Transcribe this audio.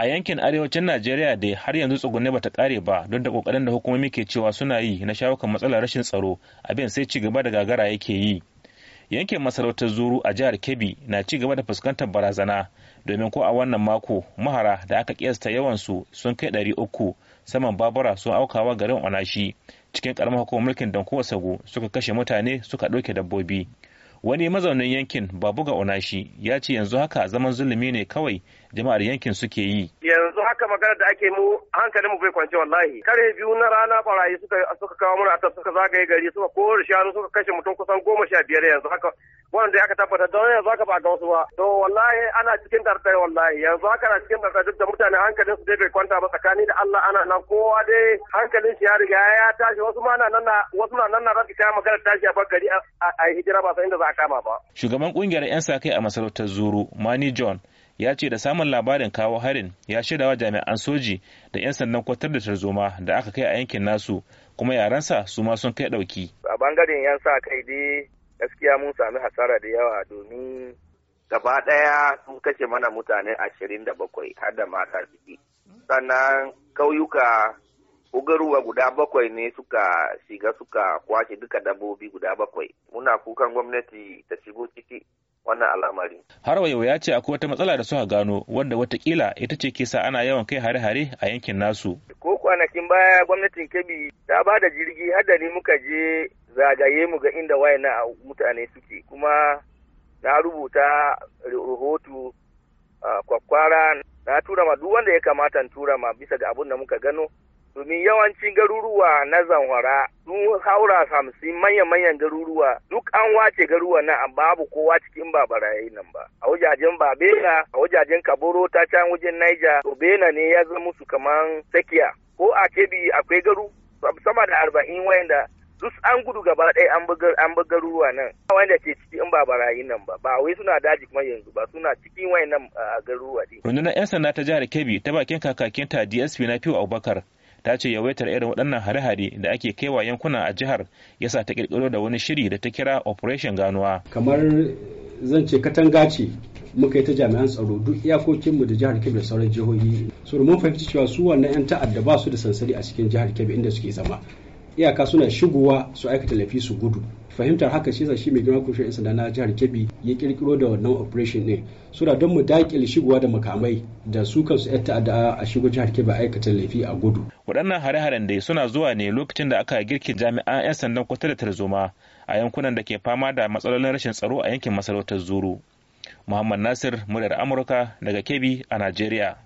a yankin arewacin najeriya dai har yanzu tsugunne bata kare ba don da kokarin da hukumomi ke cewa suna yi na shawo kan matsalar rashin tsaro abin sai ci gaba da gagara yake yi yankin masarautar zuru a jihar kebbi na ci gaba da fuskantar barazana domin ko a wannan mako mahara da aka kiyasta yawansu sun kai ɗari uku saman babura sun aukawa garin onashi cikin karamar hukumar mulkin danko sago suka kashe mutane suka ɗauke dabbobi wani mazaunin yankin babuga onashi ya ce yanzu haka zaman zulumi ne kawai jama'ar yankin suke yi yanzu haka magana da ake mu hankalin mu bai kwance wallahi kare biyu na rana barayi suka suka kawo mura ta suka zagaye gari suka kore shanu suka kashe mutum kusan goma yanzu haka wanda aka tabbata don yanzu haka ba ga wasu ba to wallahi ana cikin tartar wallahi yanzu haka na cikin tartar duk da mutane hankalin su dai bai kwanta ba tsakani da Allah ana nan kowa dai hankalin shi ya riga ya tashi wasu ma na nan na wasu na nan na rabi kaya magana tashi a bakari a hijira ba san inda za a kama ba shugaban kungiyar yan sa kai a masarautar Zuru Mani John ya ce da samun labarin kawo harin ya shaidawa jami'an soji da 'yan sandan kwatar da tarzoma da aka kai a yankin nasu kuma yaransa su ma sun kai dauki a bangaren 'yan sa kai dai gaskiya mun sami hasara da yawa domin gaba ɗaya sun kashe mana mutane ashirin da bakwai har da mata ciki sannan kauyuka ugaruwa guda bakwai ne suka shiga suka kwace duka dabbobi guda bakwai muna kukan gwamnati ta shigo ciki wannan al'amari. Har wayo ya ce akwai wata matsala da suka gano wanda watakila ita ce kisa ana yawan kai hare-hare a yankin nasu. Ko kwanakin baya gwamnatin Kebbi ta ba da jirgi har ni muka je zagaye mu ga inda wayannan mutane suke kuma na rubuta rahoto kwakwara na tura ma duk wanda ya kamata tura ma bisa ga abun da muka gano domin yawancin garuruwa na zanwara sun haura hamsin manya-manyan garuruwa duk an wace garuruwa na babu kowa cikin babarayi nan ba a wajajen babena a wajajen kaboro ta can wajen naija obena ne ya zama musu kaman tsakiya ko a kebi akwai garu sama da arba'in wayanda duk an gudu gaba ɗaya an buga ruwa nan wanda ke ciki in ba barayi nan ba ba wai suna daji kuma yanzu ba suna cikin a garuruwa din rundunar yan sanda ta jihar kebbi ta bakin kakakin ta dsp na fiwa abubakar ta ce yawaitar irin waɗannan hare-hare da ake kaiwa yankuna a jihar yasa ta kirkiro da wani shiri da ta kira operation ganuwa kamar zan ce katanga ce muka yi ta jami'an tsaro duk iyakokinmu da jihar kebbi da sauran jihohi su mun fahimci cewa su wannan 'yan ta'adda ba su da sansani a cikin jihar kebbi inda suke zama iyaka suna shigowa su aikata laifi su gudu fahimtar haka shi shi mai girma kushe isa sanda na jihar kebbi ya kirkiro da wannan operation su suna don mu dakile shigowa da makamai da su kansu 'yan ta'adda a shigo jihar kebbi aikata laifi a gudu waɗannan hare-haren dai suna zuwa ne lokacin da aka girki jami'an 'yan sandan kwata da tarzoma a yankunan da ke fama da matsalolin rashin tsaro a yankin masarautar zuru muhammad nasir muryar amurka daga kebbi a najeriya